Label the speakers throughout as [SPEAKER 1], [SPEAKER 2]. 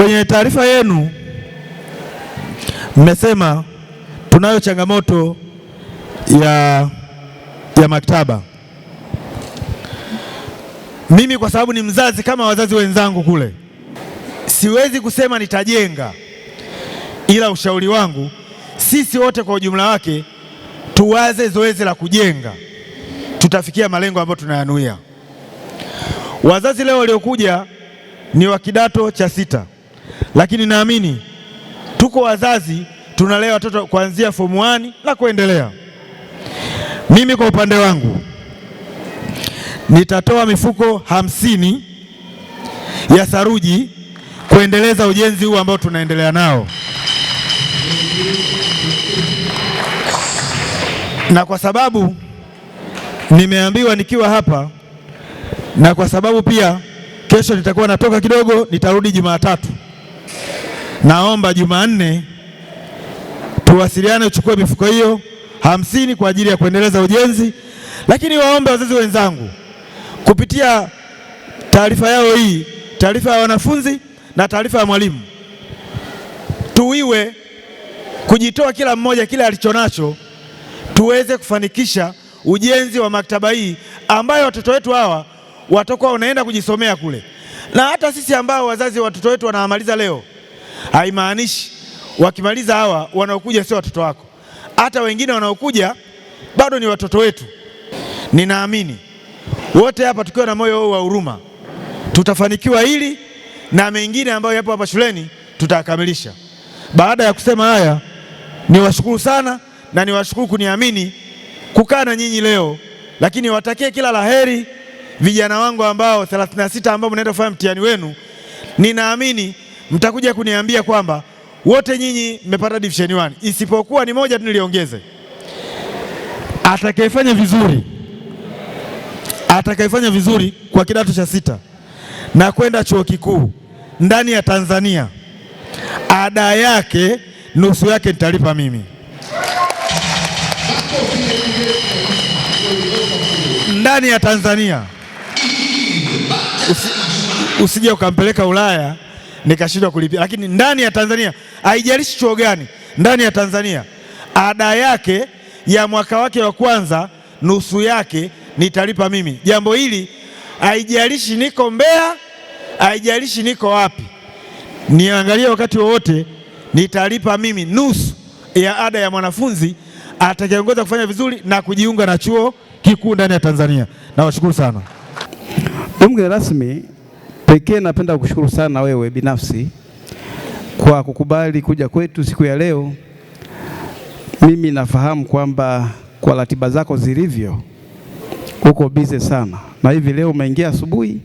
[SPEAKER 1] Kwenye taarifa yenu mmesema tunayo changamoto ya, ya maktaba. Mimi kwa sababu ni mzazi kama wazazi wenzangu kule, siwezi kusema nitajenga, ila ushauri wangu sisi wote kwa ujumla wake tuwaze zoezi la kujenga, tutafikia malengo ambayo tunayanuia. Wazazi leo waliokuja ni wa kidato cha sita lakini naamini tuko wazazi tunalea watoto kuanzia form 1 na kuendelea. Mimi kwa upande wangu nitatoa mifuko hamsini ya saruji kuendeleza ujenzi huu ambao tunaendelea nao, na kwa sababu nimeambiwa nikiwa hapa, na kwa sababu pia kesho nitakuwa natoka kidogo, nitarudi Jumatatu. Naomba Jumanne tuwasiliane, uchukue mifuko hiyo hamsini kwa ajili ya kuendeleza ujenzi, lakini waombe wazazi wenzangu kupitia taarifa yao hii, taarifa ya wanafunzi na taarifa ya mwalimu, tuiwe kujitoa kila mmoja kile alichonacho, tuweze kufanikisha ujenzi wa maktaba hii ambayo watoto wetu hawa watakuwa wanaenda kujisomea kule, na hata sisi ambao wazazi wa watoto wetu wanaamaliza leo Haimaanishi wakimaliza hawa wanaokuja sio watoto wako, hata wengine wanaokuja bado ni watoto wetu. Ninaamini wote hapa tukiwa na moyo wa huruma tutafanikiwa hili na mengine ambayo yapo hapa shuleni tutakamilisha. Baada ya kusema haya, niwashukuru sana na niwashukuru kuniamini kukaa na nyinyi leo, lakini niwatakie kila laheri vijana wangu ambao 36 ambao mnaenda kufanya mtihani wenu. Ninaamini mtakuja kuniambia kwamba wote nyinyi mmepata division one, isipokuwa ni moja tu niliongeze. Atakayefanya vizuri, atakayefanya vizuri kwa kidato cha sita na kwenda chuo kikuu ndani ya Tanzania, ada yake nusu yake nitalipa mimi. Ndani ya Tanzania, usije ukampeleka Ulaya nikashindwa kulipia. Lakini ndani ya Tanzania, haijalishi chuo gani, ndani ya Tanzania ada yake ya mwaka wake wa kwanza nusu yake nitalipa mimi. Jambo hili haijalishi niko Mbeya, haijalishi niko wapi, niangalie wakati wowote, nitalipa mimi nusu ya ada ya mwanafunzi atakayeongoza kufanya vizuri na kujiunga na chuo kikuu ndani ya Tanzania. Nawashukuru sana.
[SPEAKER 2] Mgeni rasmi Pekee napenda kushukuru sana wewe binafsi kwa kukubali kuja kwetu siku ya leo. Mimi nafahamu kwamba kwa ratiba zako zilivyo uko bize sana, na hivi leo umeingia asubuhi,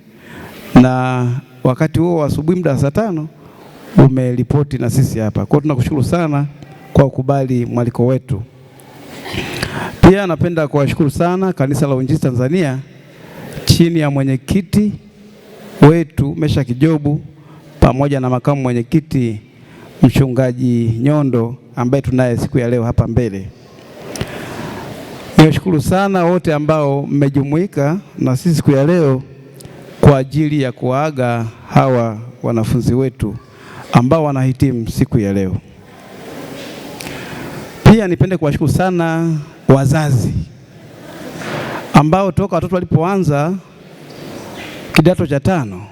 [SPEAKER 2] na wakati huo wa asubuhi muda wa saa tano umeripoti na sisi hapa. Kwa hiyo tunakushukuru sana kwa kukubali mwaliko wetu. Pia napenda kuwashukuru sana Kanisa la Uinjilisti Tanzania chini ya mwenyekiti wetu Mesha Kijobu pamoja na makamu mwenyekiti mchungaji Nyondo ambaye tunaye siku ya leo hapa mbele. Niwashukuru sana wote ambao mmejumuika na sisi siku ya leo kwa ajili ya kuwaaga hawa wanafunzi wetu ambao wanahitimu siku ya leo. Pia nipende kuwashukuru sana wazazi ambao toka watoto walipoanza kidato cha tano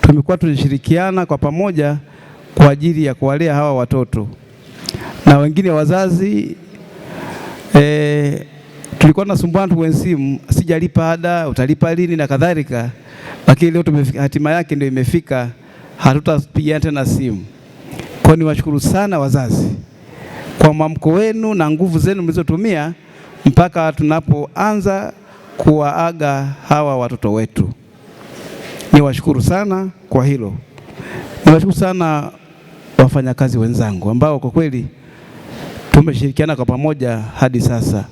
[SPEAKER 2] tumekuwa tunashirikiana kwa pamoja kwa ajili ya kuwalea hawa watoto na wengine wazazi e, tulikuwa tunasumbana tu kwenye simu, sijalipa ada, utalipa lini na kadhalika, lakini leo tumefika, hatima yake ndio imefika, hatutapigana tena simu. Kwa niwashukuru sana wazazi kwa mwamko wenu na nguvu zenu mlizotumia mpaka tunapoanza kuwaaga hawa watoto wetu. Niwashukuru sana kwa hilo. Niwashukuru sana wafanyakazi wenzangu ambao kwa kweli tumeshirikiana kwa pamoja hadi sasa.